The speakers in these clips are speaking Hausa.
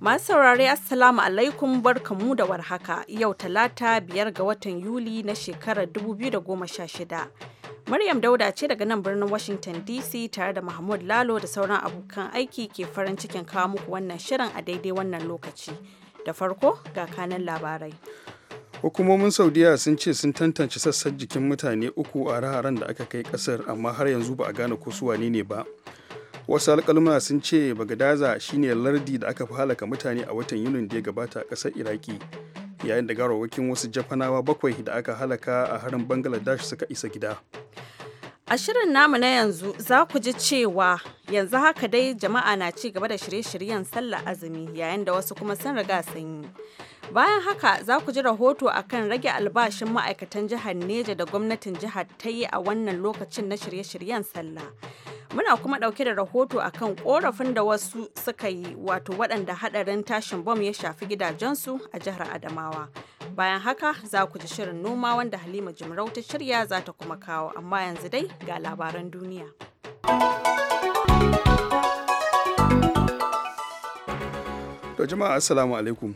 Masu saurare Assalamu alaikum barkamu da warhaka yau talata biyar ga watan Yuli na shekarar 2016. Maryam Dauda ce daga nan birnin Washington DC tare da Mahmud Lalo da sauran abokan aiki ke farin cikin kawo muku wannan shirin a daidai wannan lokaci. Da farko ga kanan labarai. Hukumomin Saudiya sun ce sun tantance sassan jikin mutane uku a raharan da aka kai kasar amma har yanzu ba a gane ko su wane ne ba. wasu alkalma sun ce bagadaza shine lardi da aka fi halaka mutane a watan yunin da ya gabata a ƙasar iraki yayin da garawakin wasu jafanawa bakwai da aka halaka a harin bangladesh suka isa gida a shirin namu na yanzu za ku ji cewa yanzu haka dai jama'a na ci gaba da shirye-shiryen sallah azumi yayin da wasu kuma sun riga sanyi bayan haka za ku ji rahoto akan rage albashin ma'aikatan jihar neja da gwamnatin jihar ta yi a wannan lokacin na shirye-shiryen sallah Muna kuma ɗauke da rahoto akan korafin da wasu suka yi wato waɗanda hadarin tashin bom ya shafi gidajensu a jihar Adamawa. Bayan haka za ku ji shirin noma wanda Halima Jimrau ta shirya za ta kuma kawo amma yanzu dai ga labaran duniya. To jama'a assalamu alaikum.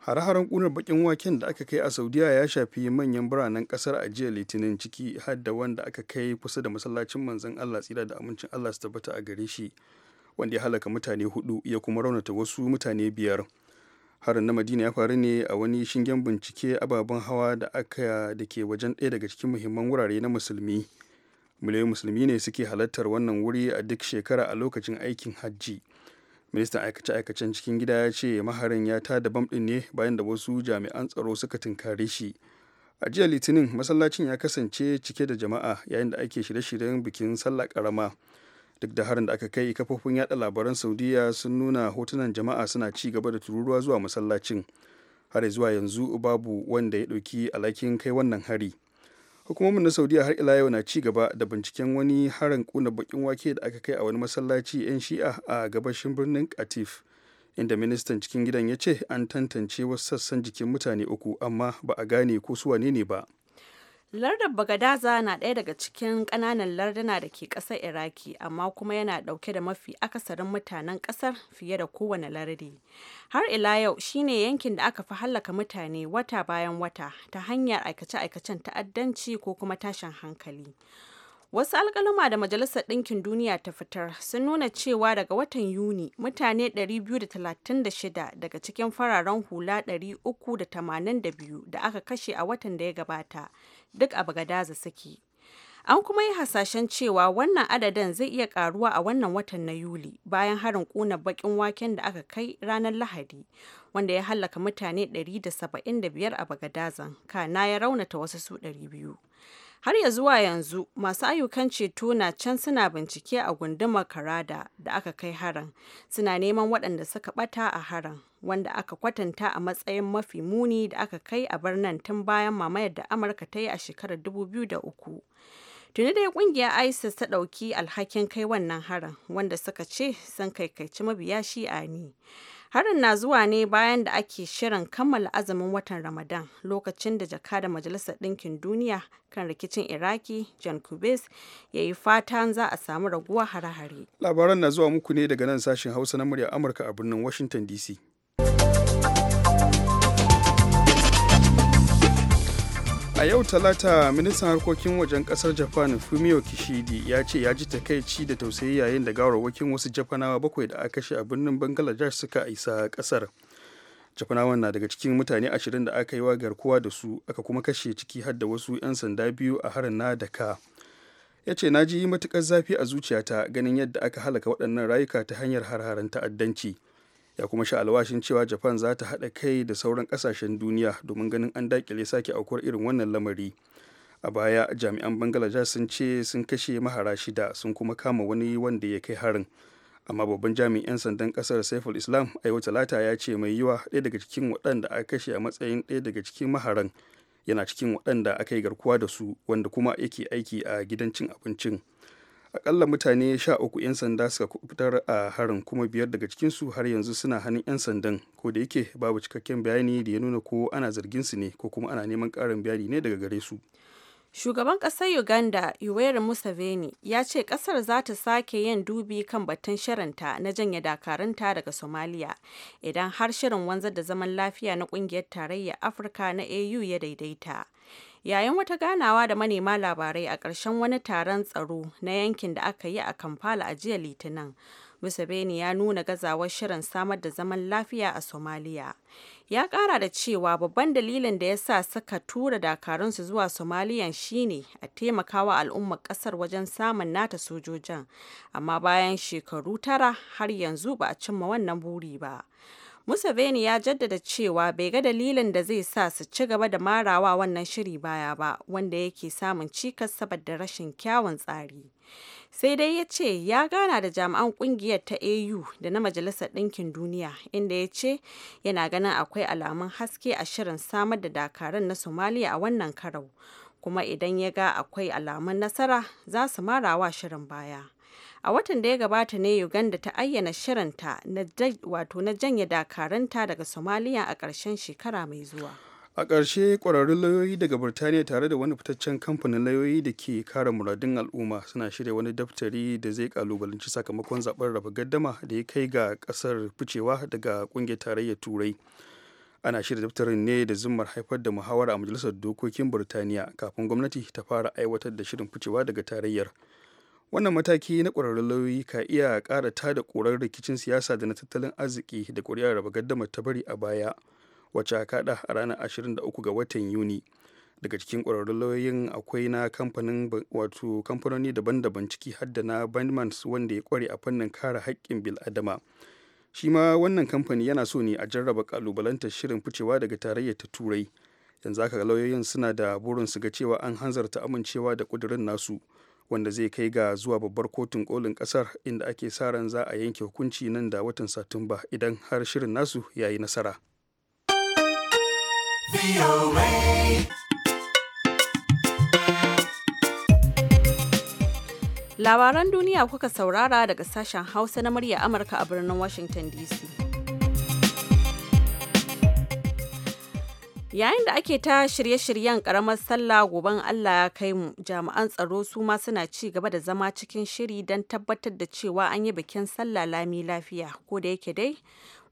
hare-haren kunar bakin waken da aka kai a saudiya ya shafi manyan biranen kasar a jiya litinin ciki har da wanda aka kai kusa da masallacin manzon allah tsira da amincin allah su tabbata a gare shi wanda ya halaka mutane hudu ya kuma raunata wasu mutane biyar harin na madina ya faru ne a wani shingen bincike ababen hawa da aka da ke wajen ɗaya daga cikin muhimman wurare na musulmi miliyoyin musulmi ne suke halartar wannan wuri a duk shekara a lokacin aikin hajji ministan aikace-aikacen cikin gida ya ce maharin ya ta da ɗin ne bayan da wasu jami'an tsaro suka tunkare shi a jiya litinin masallacin ya kasance cike da jama'a yayin da ake shirye-shiryen bikin sallah karama duk da harin da aka kai kafofin yada labaran saudiya sun nuna hotunan jama'a suna ci gaba da tururuwa zuwa masallacin har zuwa yanzu babu wanda ya ɗauki alhakin kai wannan hari hukumomin na saudiya har ila yau na ci gaba da binciken wani harin kuna bakin wake da aka kai a wani masallaci 'yan shi'a a gabashin birnin katif inda ministan cikin gidan ya ce an tantance wasu sassan jikin mutane uku amma ba a gane ko su wane ne ba Lardar Bagadaza na ɗaya daga cikin ƙananan larduna da ke ƙasar Iraki, amma kuma yana ɗauke da mafi akasarin mutanen ƙasar fiye da kowane lardi. Har ila yau shine yankin da aka fi hallaka mutane wata bayan wata ta hanyar aikace-aikacen ta'addanci ko kuma tashin hankali. Wasu alkaluma da Majalisar Ɗinkin Duniya ta fitar sun nuna cewa daga watan Yuni mutane 236 daga cikin fararen hula 382 da aka kashe a watan da ya gabata duk a Bagadaza suke. An kuma yi hasashen cewa wannan adadin zai iya karuwa a wannan watan na Yuli bayan harin kuna bakin waken da aka kai ranar Lahadi wanda ya hallaka mutane 175 a Bagadazan kana ya raunata wasu su 200. Har ya zuwa yanzu masu ayyukan ceto na can suna bincike a gundumar Karada da aka kai harin, suna neman waɗanda suka ɓata a haran wanda aka kwatanta a matsayin mafi muni da aka kai a birnin tun bayan mamayar da Amurka ta yi a shekarar 2003. Tuni dai kungiyar ISIS ta ɗauki alhakin kai wannan harin, wanda suka ce sun kaikaici mabiya shi'a ne. Harin na zuwa ne bayan da ake shirin kammala azumin watan Ramadan lokacin da jaka da Majalisar Ɗinkin Duniya kan rikicin Iraki John kubis ya yi fatan za a samu raguwa hare-hare. Labaran na zuwa muku ne daga nan sashen Hausa na murya Amurka a birnin Washington DC. a yau talata ministan harkokin wajen kasar japan fumio kishidi ya ce ya ji takaici da tausayi yayin da gawarwakin wasu japanawa bakwai da aka kashe a birnin bangladesh suka isa kasar japanawan na daga cikin mutane ashirin da aka yi wa garkuwa da su aka kuma kashe ciki har da wasu 'yan sanda biyu a harin na daka ya ce na ji matukar zafi a zuciyata ganin yadda aka halaka waɗannan rayuka ta hanyar harharan ta'addanci ya kuma sha alwashin cewa japan za ta haɗa kai da sauran ƙasashen duniya domin ganin an dakile sake aukuwar irin wannan lamari a baya jami'an bangladesh sun ce sun kashe mahara shida sun kuma kama wani wanda ya kai harin amma babban jami'in 'yan sandan kasar saiful islam a talata ya ce mai yiwa ɗaya daga cikin waɗanda aka kashe a matsayin ɗaya daga cikin maharan yana cikin waɗanda aka yi garkuwa da su wanda kuma yake aiki a gidan cin abincin akalla mutane sha uku 'yan sanda suka fitar a harin kuma biyar daga cikinsu har yanzu suna hannun 'yan sandan ko da yake babu cikakken bayani da ya nuna ko ana zargin su ne ko kuma ana neman karin bayani ne daga gare su Shugaban ƙasar Uganda Yoweri Museveni ya ce ƙasar za ta sake yin dubi kan batun shirinta na janye dakarunta daga Somalia idan har shirin wanzar da zaman lafiya na ƙungiyar tarayyar Afirka na AU ya daidaita. Yayin wata ganawa da manema labarai a ƙarshen wani taron tsaro na yankin da aka yi a Kampala a jiya Litinin, Museveni ya nuna gazawar shirin samar da zaman lafiya a Somalia. Ya kara da cewa babban dalilin da ya sa suka tura dakarunsu zuwa Somaliyan shine a taimakawa al'ummar kasar wajen samun nata sojojin, amma bayan shekaru tara har yanzu ba a cimma wannan buri ba. Museveni ya jaddada cewa bai ga dalilin da zai sa su ci gaba da marawa wannan shiri baya ba, wanda yake samun cikas saboda rashin kyawun tsari. sai dai ya ce ya gana da jami'an kungiyar ta au da na majalisar ɗinkin duniya inda ya ce yana ganin akwai alamun haske a shirin samar da dakarun na somaliya a wannan karau kuma idan ya ga akwai alamun nasara za su marawa shirin baya a watan da ya gabata ne uganda ta ayyana shirinta na wato na janye dakaranta daga somaliya a ƙarshen shekara mai zuwa a ƙarshe ƙwararrun lauyoyi daga birtaniya tare da wani fitaccen kamfanin lauyoyi da ke kare muradun al'umma suna shirya wani daftari da zai kalubalanci sakamakon zaɓen raba gaddama da ya kai ga ƙasar ficewa daga ƙungiyar tarayyar turai ana shirya daftarin ne da zummar haifar da muhawara a majalisar dokokin birtaniya kafin gwamnati ta fara aiwatar da shirin ficewa daga tarayyar wannan mataki na ƙwararrun lauyoyi ka iya ƙara tada ƙorar rikicin siyasa da na tattalin arziki da ƙuri'ar raba gaddama ta bari a baya wacce aka kada a ranar 23 ga watan yuni daga cikin ƙwararrun lauyoyin akwai na kamfanin wato kamfanoni daban-daban ciki har da na bandmans wanda ya kware a fannin kare haƙƙin bil'adama shi ma wannan kamfani yana so ne a jarraba kalubalantar shirin ficewa daga tarayyar ta turai yanzu haka lauyoyin suna da burin su ga cewa an hanzarta amincewa da ƙudurin nasu wanda zai kai ga zuwa babbar kotun kolin kasar inda ake sa ran za a yanke hukunci nan da watan satumba idan har shirin nasu ya yi nasara Labaran duniya kuka saurara daga sashen Hausa na murya Amurka a birnin Washington DC. Yayin da ake ta shirye-shiryen karamar sallah goben Allah ya kai mu, jami'an tsaro su ma suna ci gaba da zama cikin shiri don tabbatar da cewa an yi bikin sallah lami lafiya, ko da yake dai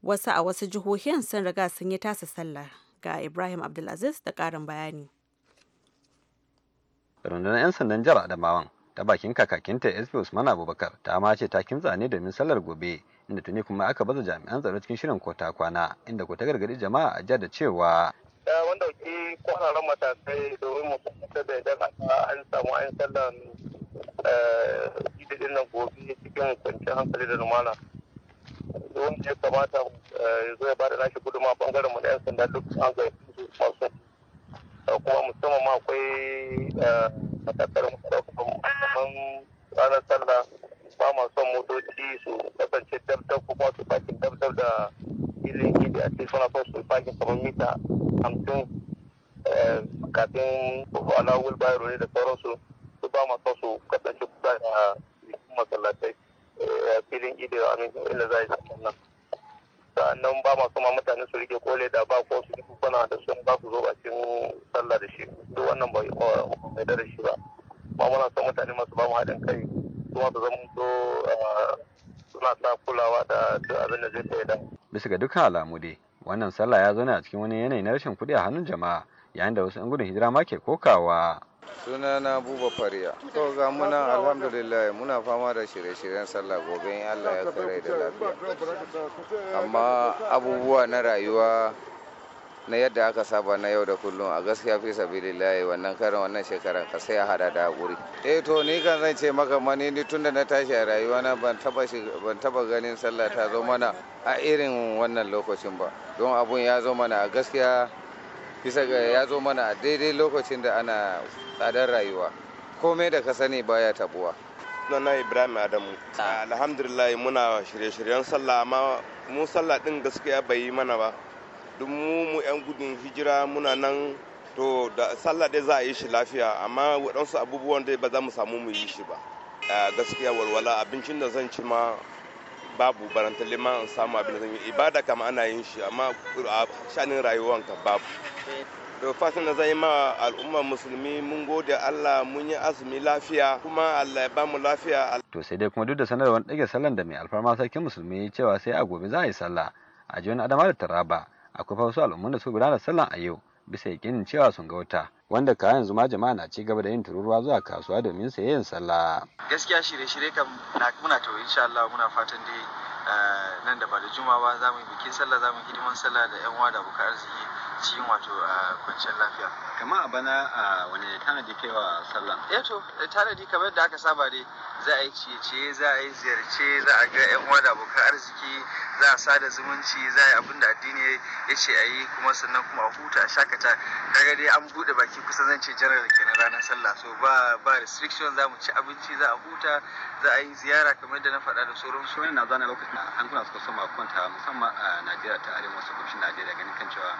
wasu a wasu jihohin sun riga sun yi tasa sallah. ga Ibrahim Abdulaziz da ƙarin bayani. Rundunar 'yan sandan jihar Adamawan ta bakin kakakinta SP Usman Abubakar ta ma ce ta kintsa ne domin sallar gobe inda tuni kuma aka baza jami'an tsaro cikin shirin kota kwana inda ko ta gargaɗi jama'a a jihar da cewa wanda ke kwararren matakai domin mu fahimtar da idan an samu an sallar eh, idadin nan gobe cikin kwanciyar hankali da lumana. duk wanda ya kamata eh, ya zo ya bada nashi guduma bangaren mu na yan sanda duk an ga su masu eh, kuma musamman ma akwai eh, matakar musamman ranar sanda ba ma son motoci su kasance dabdab kuma su fakin dabdab da ilin gidi a cikin suna son su fakin kamar mita hamsin kafin ala bayro ne da sauransu su ba ma son su kasance kusa da masallatai Eh, filin ido a inda za a yi sakin nan sa'annan ba ma ma mutane su rike kole da ba ko su duk bana da sun ba su zo bakin sallah da shi duk wannan ba mai da shi ba ma muna son mutane masu ba mu haɗin kai kuma su zama so ah, suna sa kulawa da duk abin da zai tsaye da. bisa ga dukkan alamu dai wannan sallah ya zo ne a cikin wani yanayi na rashin kuɗi a hannun jama'a yayin da wasu 'yan gudun hijira ma ke kokawa. suna na buba fariya to ga muna alhamdulillah muna fama da shirye-shiryen sallah gobe in allah ya kare da lafiya amma abubuwa na rayuwa na yadda aka saba na yau da kullum a gaskiya fi sabilillahi wannan karin wannan shekaran ka sai a hada da hakuri eh to ni kan zan ce maka mani ni tunda na tashi a rayuwa na ban taba ban taba ganin sallah ta zo mana a irin wannan lokacin ba don abun ya zo mana a gaskiya bisa ga ya zo mana a daidai lokacin da ana tsadar rayuwa komai da ka sani baya tabuwa sunana ibrahim adamu ah. alhamdulillah muna shirye-shiryen sallah amma mu sallah din gaskiya bai yi mana ba duk mu mu yan gudun hijira muna nan to da sallah dai za a yi shi lafiya amma waɗansu abubuwan dai ba za mu samu mu yi shi ba ah, gaskiya walwala abincin da zan ci ma babu barantar ma in samu abin da zan yi ibada kama ana yin shi amma a shanin rayuwan ka babu da fatan da zai ma al'ummar musulmi mun gode Allah mun yi azumi lafiya kuma Allah ya bamu lafiya to sai dai kuma duk da sanarwar dage sallan da mai alfarma sarkin musulmi cewa sai a gobe za a yi sallah a jiyon adama da taraba akwai fa wasu al'umman da suka gudanar sallan a yau bisa yakinin cewa sun ga wata wanda ka yanzu ma jama'a na ci gaba da yin tururuwa zuwa kasuwa domin sayayyan sallah gaskiya shirye-shirye kam muna to insha Allah muna fatan dai eh, nan da ba da juma'a ba za mu yi bikin sallah za mu yi hidiman sallah da yan uwa da abokan arziki cikin wato ah, kwanciyar lafiya kama a bana a ah, wani tanadi kaiwa Sallah. sallan eh to eh, tanadi kamar da aka saba ne za a yi ciye za a yi ziyarce za a ga yan uwa da abokan arziki za a sada zumunci za a yi abin da addini ya ce a yi kuma sannan kuma a huta a shakata kaga dai an buɗe baki kusan zan ce janar kenan ranar sallah so ba ba restriction za mu ci abinci za a huta za a yi ziyara kamar da na faɗa da sauran su na zana lokacin hankula suka soma kwanta musamman a Najeriya ta arewa wasu kurshin Najeriya ganin kan cewa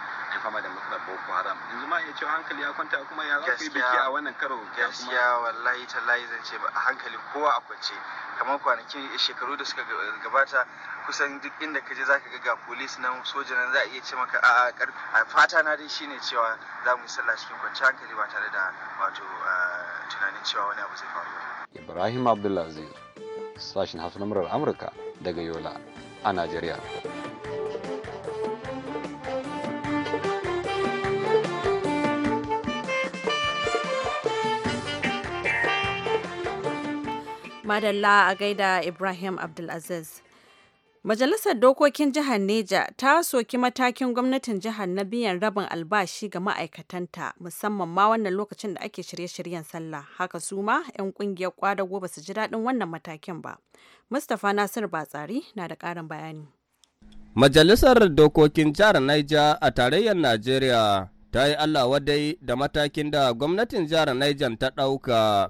fama da matsalar boko haram yanzu ma iya cewa hankali ya kwanta kuma ya za biki a wannan karo gaskiya wallahi tallahi zan ce a hankali kowa a kwance kamar kwanakin eh, shekaru da suka gabata kusan duk inda ka je zaka ga ga polis nan soja nan za a iya ce maka a a fata na dai shine cewa za mu yi sallah cikin kwanciyar hankali ba tare da wato tunanin cewa wani abu zai faru Ibrahim Abdulaziz sashin Hausa na Amurka daga Yola a Najeriya. Madalla a gaida Ibrahim Abdulaziz. Majalisar Dokokin Jihar Neja ta soki matakin gwamnatin jihar na biyan rabin albashi ga ma'aikatanta musamman ma wannan lokacin da ake shirye-shiryen sallah. Haka su ma 'yan kungiyar kwadago ba su ji daɗin wannan matakin ba. Mustapha Nasir Batsari na da ƙarin bayani. Majalisar Dokokin Jihar naija a tarayyar Najeriya ta yi Allah wadai da matakin da gwamnatin jihar naija ta ɗauka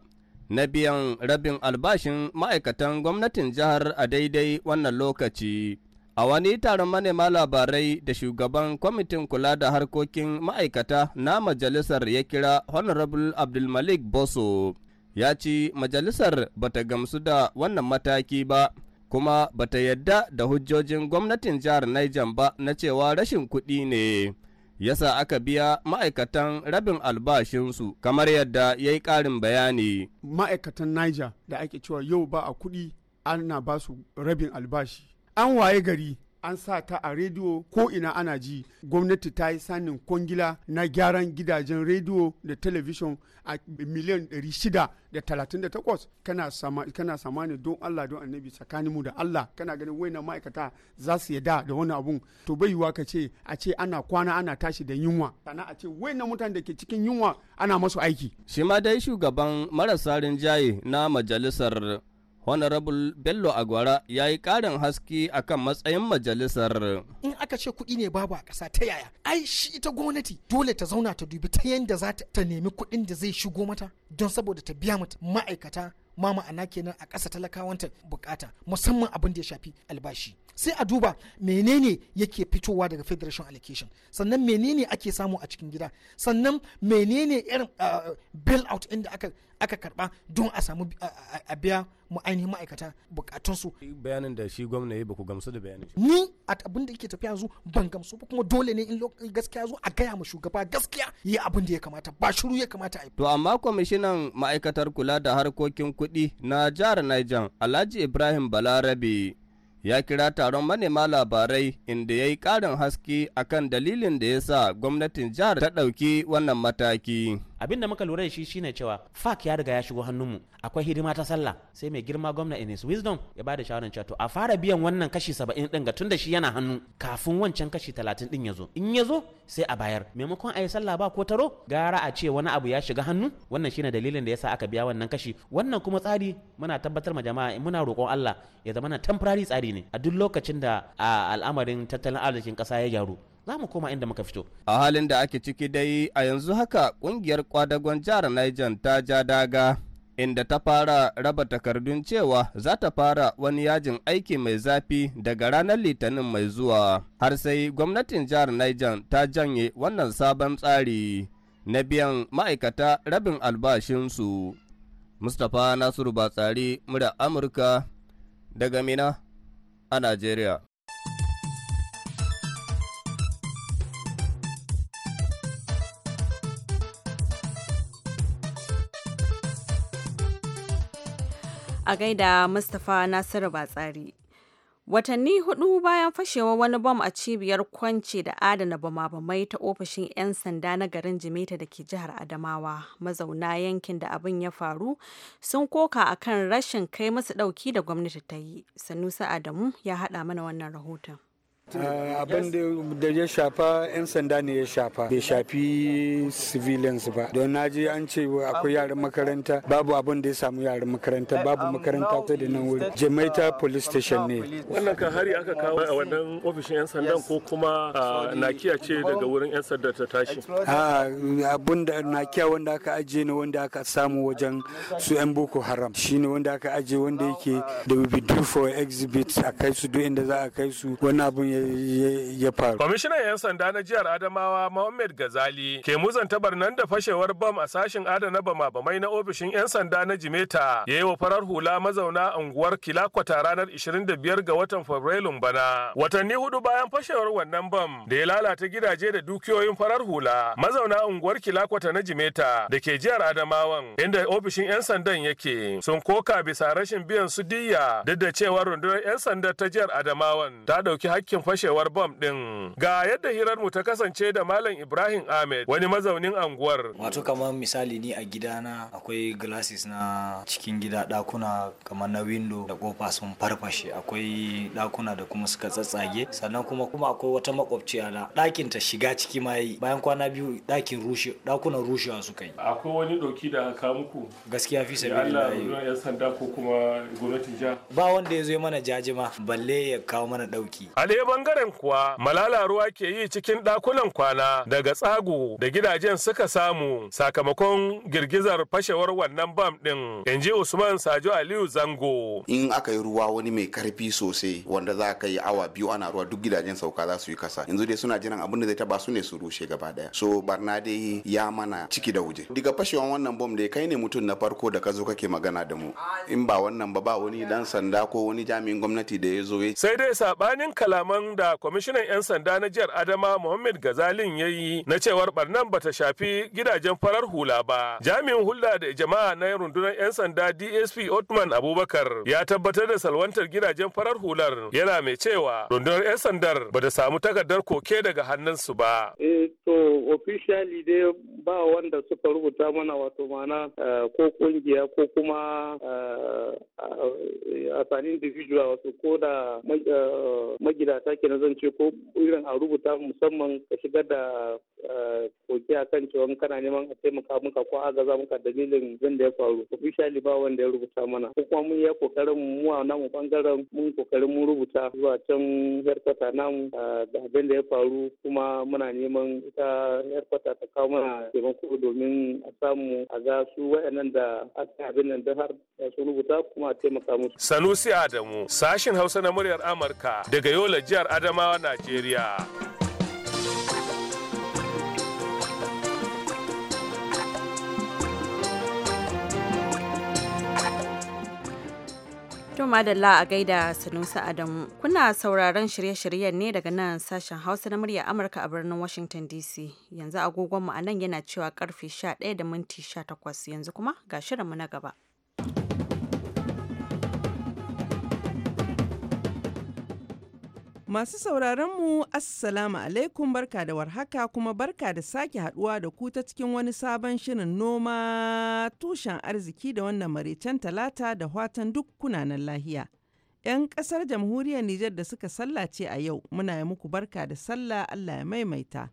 na biyan rabin albashin ma'aikatan gwamnatin jihar a daidai wannan lokaci. A wani taron manema labarai da shugaban kwamitin kula da harkokin ma'aikata na majalisar ya kira Honorable Abdulmalik Boso ya ci majalisar bata gamsu da wannan mataki ba kuma bata yadda da hujjojin gwamnatin jihar Niger ba na cewa rashin kuɗi ne. yasa aka biya ma'aikatan rabin albashinsu kamar yadda ya yi ƙarin bayani. Ma'aikatan Niger da ake cewa yau ba a kuɗi ana ba su rabin albashi. An waye gari an sa ta a rediyo ko ina ana ji gwamnati ta yi sanin kwangila na gyaran gidajen rediyo da telebishin a miliyan 638 kana sama kana ne don Allah don annabi tsakanin mu da Allah kana ganin na ma'aikata za su yada da wani abun to bai yiwa ka ce a ce ana kwana ana tashi da yunwa sannan a ce na mutanen da ke cikin yunwa ana masu aiki shi ma dai shugaban marasa rinjaye na majalisar Honorable Bello Agwara ya yi karin haske akan matsayin majalisar. In aka ce kuɗi ne babu a ƙasa ta yaya, ai shi ita gwamnati dole ta zauna ta dubi ta yadda za ta nemi kuɗin da zai shigo mata don saboda ta biya mata ma'aikata ma ma'ana kenan a ƙasa talakawanta bukata musamman abin da ya shafi albashi. sai a duba menene yake fitowa daga federation allocation sannan menene ake samu a cikin gida sannan menene irin uh, ah, bail out inda aka aka karba don a samu a biya mu ainihin ma'aikata su. bayanin da shi gwamna ya baku gamsu da bayanin ni a abin da yake tafiya yanzu ban gamsu ba kuma dole ne in gaskiya zo a gaya ma shugaba gaskiya yi abin da ya kamata ba shiru ya kamata a yi to amma kwamishinan ma'aikatar kula da harkokin kuɗi na jihar Niger Alhaji Ibrahim Balarabe ya kira taron manema labarai inda ya yi ƙarin haske akan dalilin da ya sa gwamnatin jihar ta ɗauki wannan mataki. abinda muka lura da shi shine cewa fak ya riga ya shigo hannunmu akwai hidima ta sallah sai mai girma gwamna in his wisdom ya bada shawaran cewa to a fara biyan wannan kashi saba'in din ga tunda shi yana hannu kafin wancan kashi talatin din ya zo in ya zo sai a bayar maimakon a yi sallah ba ko taro gara a ce wani abu ya shiga hannu wannan shine dalilin da yasa aka biya wannan kashi wannan kuma tsari muna tabbatar ma jama'a muna roƙon Allah ya zama na temporary tsari ne a duk lokacin da al'amarin tattalin arzikin ƙasa ya gyaru za mu koma inda muka fito. A halin da ake ciki dai a yanzu haka kungiyar kwadagon jihar Niger ta ja daga inda ta fara raba takardun cewa za ta fara wani yajin aiki mai zafi daga ranar litinin mai zuwa har sai gwamnatin jihar Niger ta janye wannan sabon tsari na biyan ma'aikata rabin albashinsu. Mustapha Nasiru Batsari, murya Amurka daga Mina a Najeriya. a gaida Mustapha Nasiru Batsari. Watanni hudu bayan fashewa wani bom a cibiyar kwance da adana bama-bamai ta ofishin 'yan sanda na garin Jimeta da ke jihar Adamawa, mazauna yankin da abin ya faru sun koka akan rashin kai masu ɗauki da gwamnati ta yi. sanusa Adamu ya haɗa mana wannan rahoton. Eh, abin da ya shafa 'yan sanda ne ya shafa bai shafi civilians ba don na ji an ce akwai yaran makaranta babu abin da ya samu yaran makaranta eh, babu um, makaranta ta da nan wuri jamaita uh, um, police station ne wannan kan hari aka kawo a wannan ofishin 'yan sandan ko kuma uh, nakiya ce daga wurin 'yan sanda ta tashi ah, abin da nakiya wanda aka ajiye ne wanda aka samu wajen su 'yan boko haram shine wanda aka ajiye wanda yake da will be due for exhibit a kai su duk inda za a kai su wani abin ya ya faru. Kwamishinan 'yan sanda na jihar Adamawa Mohammed Gazali ke muzanta barnan da fashewar bam a sashin adana bama-bamai na ofishin 'yan sanda na Jimeta ya yi wa farar hula mazauna unguwar Kilakwata ranar 25 ga watan Fabrailun bana. Watanni hudu bayan fashewar wannan bam da ya lalata gidaje da dukiyoyin farar hula mazauna unguwar Kilakwata na Jimeta da ke jihar Adamawan inda ofishin 'yan sandan yake sun koka bisa rashin biyan su diyya, duk da cewar rundunar 'yan sanda ta jihar Adamawan ta ɗauki hakkin fashewar bom ɗin. Ga yadda hirar mu ta kasance da Malam Ibrahim Ahmed wani mazaunin anguwar. Wato kamar misali ni a gidana akwai glasses na cikin gida dakuna kamar na window da kofa sun farfashe akwai dakuna da kuma suka tsatsage sannan kuma kuma akwai wata makwabciya na dakin ta shiga ciki ma yi bayan kwana biyu dakin rushe dakunan rushewa suka yi. Akwai wani doki da aka muku? Gaskiya fi sabi da ya sanda ko kuma gwamnatin jiha. Ba wanda ya zo mana jajima balle ya kawo mana ɗauki. Aleban bangaren kuwa malala ruwa ke yi cikin dakunan kwana daga tsago da gidajen suka samu sakamakon girgizar fashewar wannan bam ɗin. In ji Usman Sajo Aliyu Zango. In aka yi ruwa wani mai karfi sosai wanda za ka yi awa biyu ana ruwa duk gidajen sauka za su yi kasa. Yanzu dai suna jiran abin da zai taba su ne su rushe gaba daya. So barna dai ya mana ciki da wuje. Diga fashewar wannan bom dai kai ne mutum na farko da ka zo kake magana da mu. In ba wannan ba ba wani dan sanda ko wani jami'in gwamnati da ya zo. Sai dai sabanin kalaman kalaman da kwamishinan 'yan sanda na jihar Adama Muhammad Gazalin ya yi na cewar barnan ta shafi gidajen farar hula ba. Jami'in hulɗa da jama'a na rundunar 'yan sanda DSP Otman Abubakar ya tabbatar da salwantar gidajen farar hular yana mai cewa rundunar 'yan sandar ba ta samu takardar koke daga hannunsu ba. Eh to officially dai ba wanda suka rubuta mana wato mana eh, ko kungiya ko kuma eh, eh, as an individual wato ko da magidata sake ke ce ko irin a rubuta musamman ka shigar da eh, koke a kan cewa kana neman a taimaka muka ko agaza muka dalilin zan da ya faru ko bishali ba wanda ya rubuta mana ko kuma mun ya kokarin mu a namu bangaren mun kokarin mun rubuta zuwa can yarkwata namu eh, da abin da ya faru kuma muna neman ita yarkwata ta kawo mana taimako domin a samu a ga su wayannan da aka abin nan da har sun rubuta kuma a taimaka musu. Sanusi Adamu sashin Hausa na muryar Amurka daga Yola Jihar jihar Adamawa, Najeriya. To madalla a gaida Sanusi Adamu. Kuna sauraron shirye-shiryen ne daga nan sashen Hausa na murya Amurka a birnin Washington DC. Yanzu agogonmu a nan yana cewa karfe 11 da minti 18 yanzu kuma ga shirinmu na gaba. Masu sauraron mu Assalamu alaikum barka da warhaka kuma barka da sake haduwa da ku ta cikin wani sabon shirin noma tushen arziki da wannan maraicen talata da watan duk kunanan lahiya. 'Yan kasar jamhuriyar Nijar da suka sallace a yau muna yi muku barka da sallah Allah ya maimaita.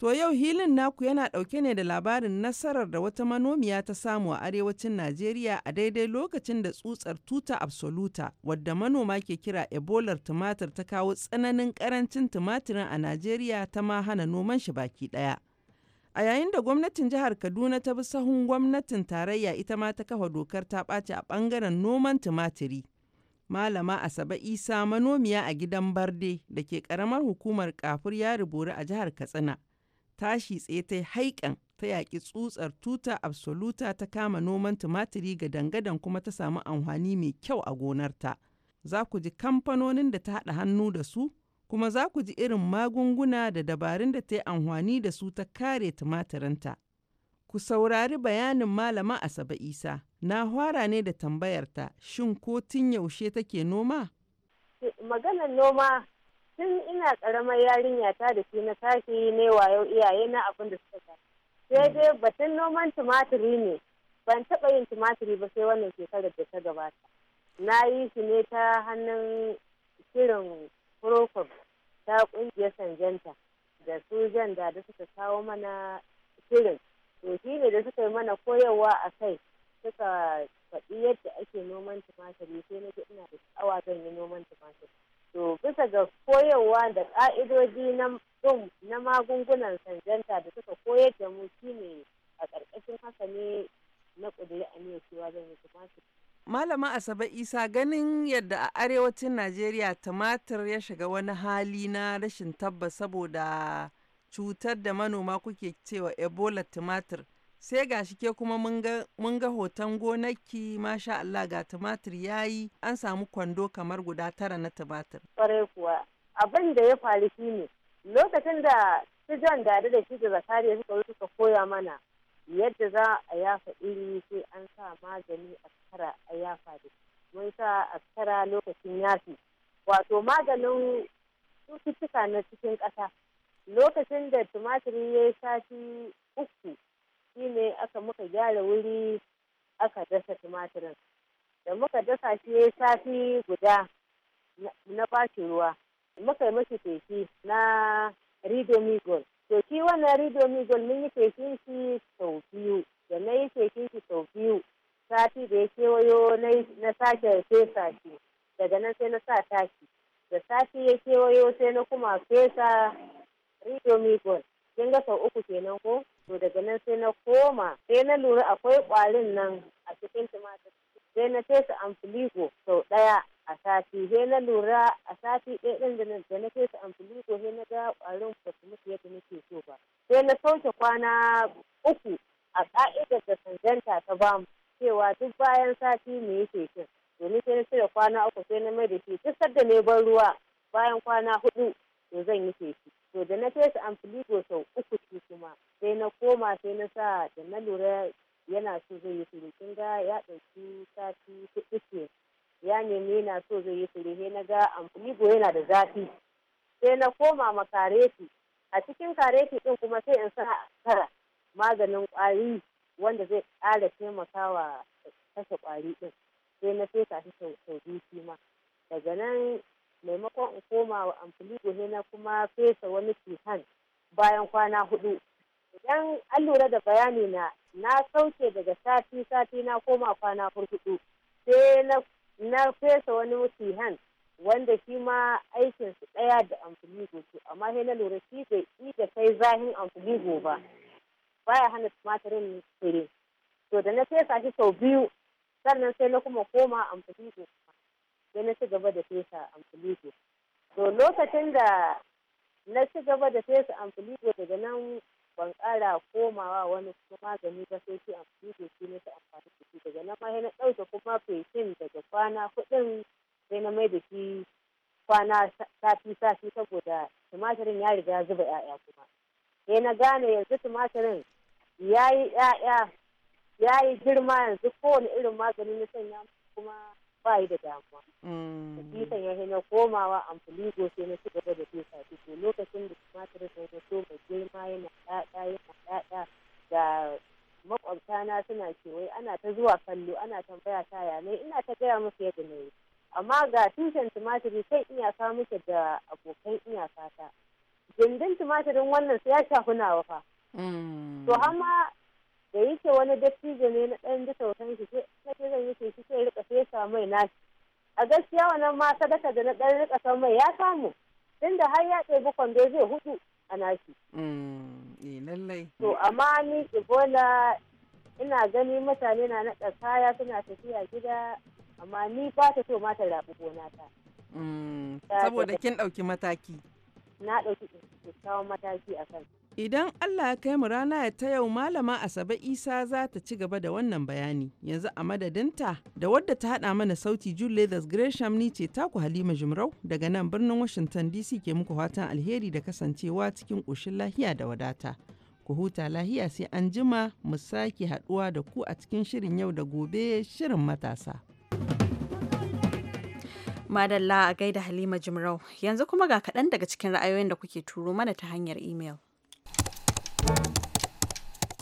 To yau hilin naku yana ɗauke ne da labarin nasarar da wata manomiya ta samu a arewacin Najeriya a daidai lokacin da tsutsar tuta absoluta wadda manoma ke kira ebolar tumatir ta kawo tsananin karancin tumatirin a Najeriya ta ma hana noman shi baki ɗaya. A yayin da gwamnatin jihar Kaduna ta bi sahun gwamnatin tarayya ita ma ta kafa dokar ta ɓaci a ɓangaren noman tumatiri. Malama Asabe Isa manomiya a gidan Barde da ke ƙaramar hukumar kafur ya rubori a jihar Katsina. tashi tsaye ta haikan ta yaƙi tsutsar tuta absoluta ta kama noman tumatiri ga dangadan kuma ta samu amfani mai kyau a gonarta. Za ku ji kamfanonin da ta haɗa hannu da su, kuma za ku ji irin magunguna da dabarun da ta yi amfani da su ta kare tumatirinta. Ku saurari bayanin Malama Asaba Isa, na hwara ne da tambayarta, shin ko tun yaushe take noma? Maganar noma tun ina karamar yarinya ta da shi na tashi ne wayo iyaye na abin da suka sa sai mm. dai batun noman tumatiri ne ban taɓa yin tumatiri ba sai wannan shekarar da ta gabata na yi shi ne ta hannun shirin prokop ta ƙungiyar sanjanta da su jan da suka kawo mana shirin to shi ne da suka yi mana koyarwa a kai suka faɗi yadda ake noman tumatiri sai na ina da sha'awa zan yi noman tumaturi to bisa ga koyarwa da ƙa'idodi na dum na magungunan sanjanta da suka koyar da mu shine a ƙarƙashin haka ne na ƙudiri aniyar cewa zan yi Malama Asabe Isa ganin yadda a arewacin Najeriya tumatir ya shiga wani hali na rashin tabbas saboda cutar da manoma kuke cewa Ebola tumatir. sai ga shi ke kuma mun ga hoton gonaki masha Allah ga tumatir ya yi an samu kwando kamar guda tara na tumatir. Kwarai kuwa abin da ya faru shi ne lokacin da su jan gari da shi da zakariya suka zo suka koya mana yadda za a yafa iri sai an sa magani a kara a yafa da mun sa a kara lokacin yafi wato maganin cututtuka na cikin ƙasa lokacin da tumatir ya yi sati uku shi ne aka muka gyara wuri aka dasa tumatirin da muka dasa shi safi guda na bashi ruwa muka yi mashi feshi na ridomigol to shi wannan ridomigol mun yi feshin shi sau biyu da na yi feshin shi sau biyu sati da ya kewayo na sake fesa shi daga nan sai na sa tashi da sati ya kewayo sai na kuma fesa ridomigol kin ga sau uku kenan ko to daga nan sai na koma sai na lura akwai kwarin nan a cikin tumatir sai na fesa amfiligo sau ɗaya a sati sai na lura a sati ɗaya ɗin da nan na fesa amfiligo sai na ga kwarin ba su mutu yadda nake so ba sai na sauke kwana uku a ka'idar da sanjanta ta bamu cewa duk bayan sati me yake to ni sai na cire kwana uku sai na mai da shi duk sadda ne ban ruwa bayan kwana hudu to zan yi feshi to da na fesa amfiligo sau uku shi kuma sai na koma sai na sa da na lura yana so zai yi fure kin ga ya ɗauki sati kuɗi ke ya nemi yana so zai yi fure sai na ga amfiligo yana da zafi sai na koma ma kareti a cikin kareti ɗin kuma sai in sa kara maganin ƙwari wanda zai ƙara taimakawa kashe ƙwari ɗin sai na fesa shi sau biyu shi ma daga nan maimakon in koma wa amfani gobe na kuma fesa wani cutan bayan kwana hudu idan an lura da bayani na na sauke daga sati sati na koma kwana hudu sai na fesa wani wucihan wanda shi ma aikin su daya da amfani gobe amma sai na lura shi bai yi da kai zahin gobe ba baya hana tumatirin fure to da na fesa shi sau biyu sannan sai na kuma koma amfani gobe. sai na ci gaba da fesa amfiligo to lokacin da na ci gaba da fesa amfiligo daga nan ban ƙara komawa wani kuma magani ba sai shi amfiligo shi ne ta amfani da shi daga nan ma na ɗauke kuma fesin daga kwana kuɗin sai na mai da shi kwana sati sati saboda tumatirin ya riga zuba 'ya'ya kuma sai na gane yanzu tumatirin ya yi 'ya'ya ya yi girma yanzu kowane irin magani na sanya kuma ba yi da damuwa. Hakikan mm. ya na komawa amfani sai na ci da fesa fito lokacin da tumatir sai na so mai girma yana ɗaɗa yana ɗaɗa da makwabtana suna kewaye ana ta zuwa kallo ana tambaya ta yanai ina ta gaya musu yadda na yi. Amma ga tushen tumatiri iya iyaka muke da abokan iyaka ta. Gindin tumatirin wannan sai ya shafi nawa fa. Mm. To amma da yake wani dattijo ne na ɗan ji tausan shi na ke zan yi shi sai rika fesa mai nashi a gaskiya wannan ma sadaka da na ɗan rika san mai ya samu tunda har ya ɗebi kwando zai hudu a nashi. Mm, eh, to amma ni ebola ina gani mutane na naɗa kaya suna tafiya gida amma ni ba ta so mata ta rabu gona ta. Mm, saboda kin ɗauki mataki. na ɗauki kyakkyawan mataki a kan. Idan Allah ya kai mu rana ta yau Malama Asabe Isa za ta ci gaba da wannan bayani yanzu a madadinta da wadda ta haɗa mana sauti Jude Leathers Gresham ni ce taku Halima jimrau daga nan birnin Washington DC ke muku fatan alheri da kasancewa cikin ƙoshin lahiya da wadata. Ku huta lahiya sai an jima mu sake haɗuwa da ku a cikin shirin yau da gobe shirin matasa. Madalla a gaida Halima jimrau yanzu kuma ga kaɗan daga cikin ra'ayoyin da kuke turo mana ta hanyar imel.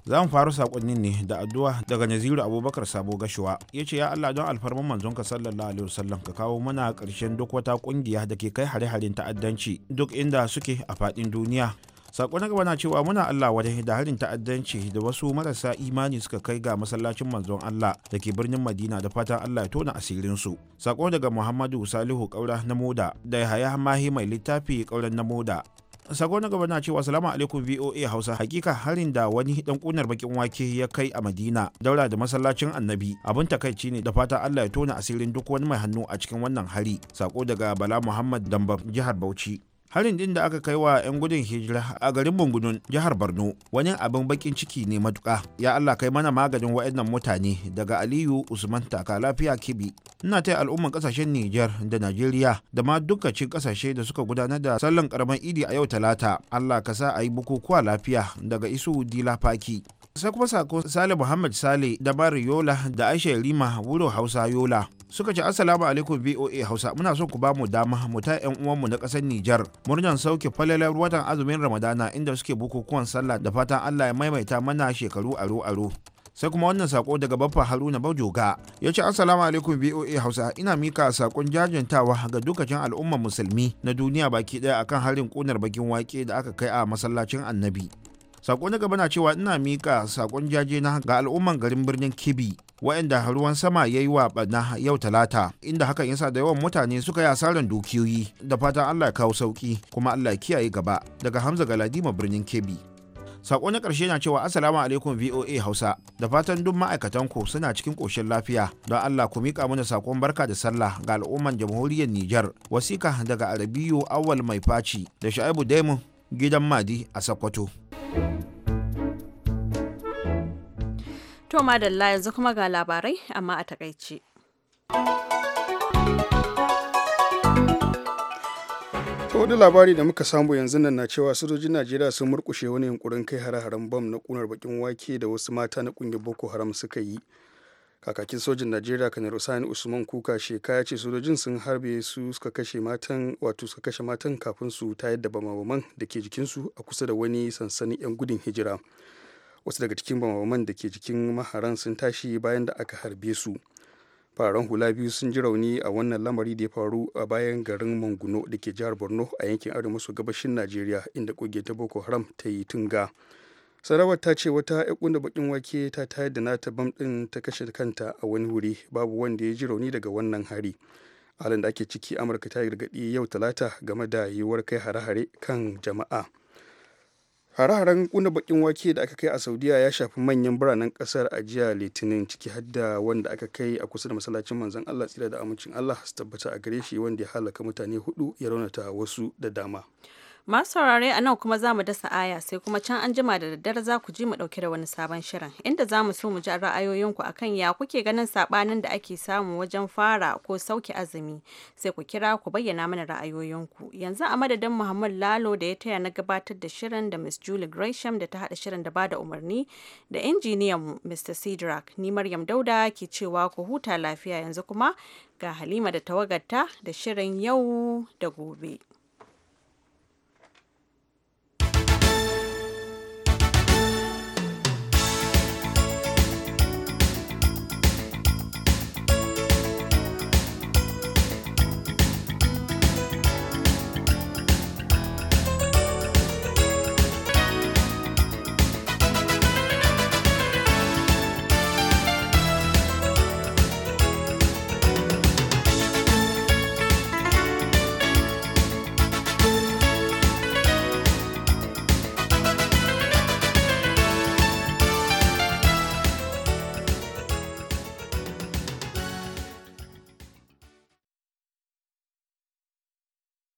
za mu faru sakonnin ne da addu'a daga naziru abubakar sabo gashuwa ya ce ya allah don alfarman manzonka sallallahu alaihi wasallam ka kawo mana ƙarshen duk wata ƙungiya da ke kai hare-haren ta'addanci duk inda suke a faɗin duniya sako na gaba na cewa muna Allah wadai da harin ta'addanci da wasu marasa imani suka kai ga masallacin manzon Allah da ke birnin Madina da fatan Allah ya tona asirin su sako daga Muhammadu Salihu Kaura na Moda da Yahaya Mahi mai littafi Kauran na Moda sako na gaba na cewa salamu alaikum voa hausa hakika harin da wani dan kunar bakin wake ya kai a madina daura da masallacin annabi abin takaici ne da fata allah ya tona asirin duk wani mai hannu a cikin wannan hari sako daga bala muhammad dambam jihar bauchi harin din da aka kai wa 'yan gudun hijira a garin bungunun jihar borno wani abin bakin ciki ne matuka ya allah kai mana maganin wa'annan mutane daga aliyu usman taka lafiya kibi ina taya al'umman kasashen niger da najeriya da ma dukkacin kasashe da suka gudanar da sallan karamar idi a yau talata allah ka sa a yi bukukuwa lafiya daga isu dila faki sai kuma sako sale muhammad sale da yola da aisha rima wuro hausa yola suka ce assalamu alaikum voa hausa muna so ku ba mu dama mu ta yan uwanmu na ƙasar nijar murnan sauke falalar watan azumin ramadana inda suke bukukuwan sallah da fatan allah ya maimaita mana shekaru aro aro sai kuma wannan sako daga baffa haruna baujoga ya ce assalamu alaikum voa hausa ina mika sakon jajantawa ga dukkan al'ummar musulmi na duniya baki daya akan harin kunar bakin wake da aka kai a masallacin annabi sako na gaba na cewa ina mika sakon jaje na ga al'umman garin birnin kibi waɗanda ruwan sama ya yi wa na yau talata inda hakan yasa da yawan mutane suka yi asarar dukiyoyi da fatan allah kawo sauki kuma allah kiyaye gaba daga hamza galadima birnin kibi sako na karshe na cewa assalamu alaikum voa hausa da fatan duk ma'aikatan ku suna cikin ƙoshin lafiya don allah ku miƙa mana sakon barka da sallah ga al'umman jamhuriyar nijar wasika daga arabiyu awal mai faci da sha'ibu daimu gidan madi a sokoto To madalla yanzu kuma ga labarai amma a takaice. To wani labari da muka samu yanzu nan na cewa sojojin Najeriya sun murkushe wani yunkurin kai hare-haren bam na kunar bakin wake da wasu mata na kungiyar Boko Haram suka yi. kakakin sojin najeriya kanar usani usman kuka sheka ya ce sojojin sun harbe su suka kashe matan wato suka kashe matan kafin su tayar da bamabaman da ke jikinsu a kusa da wani sansanin 'yan gudun hijira wasu daga cikin bamabaman da ke jikin maharan sun tashi bayan da aka harbe su fararen hula biyu sun ji rauni a wannan lamari da ya faru a bayan garin manguno da ke jihar borno a yankin arewa maso gabashin najeriya inda kungiyar ta boko haram ta yi tunga sarawar ta ce wata ƙuna bakin wake ta tayar da nata bam ɗin ta kashe kanta a wani wuri babu wanda ya ji rauni daga wannan hari halin da ake ciki amurka ta yi gargaɗi yau talata game da yiwuwar kai hare-hare kan jama'a hare-haren kuna bakin wake da aka kai a saudiya ya shafi manyan biranen kasar a jiya litinin ciki hadda wanda aka kai a kusa da masallacin manzon allah tsira da amincin allah su tabbata a gare shi wanda ya halaka mutane hudu ya raunata wasu da dama Masu saurare a nan kuma za mu dasa aya sai kuma can an jima da daddare za ku ji mu ɗauke da wani sabon shirin inda za mu so mu ji ra'ayoyinku a kan ya kuke ganin saɓanin da ake samu wajen fara ko sauke azumi sai ku kira ku bayyana mana ra'ayoyinku. Yanzu a madadin Muhammad Lalo da ya taya na gabatar da shirin da Miss Julie Gresham da ta haɗa shirin da bada umarni da injiniyan Mr. Sidrak ni Maryam Dauda ke cewa ku huta lafiya yanzu kuma ga Halima da tawagarta da shirin yau da gobe.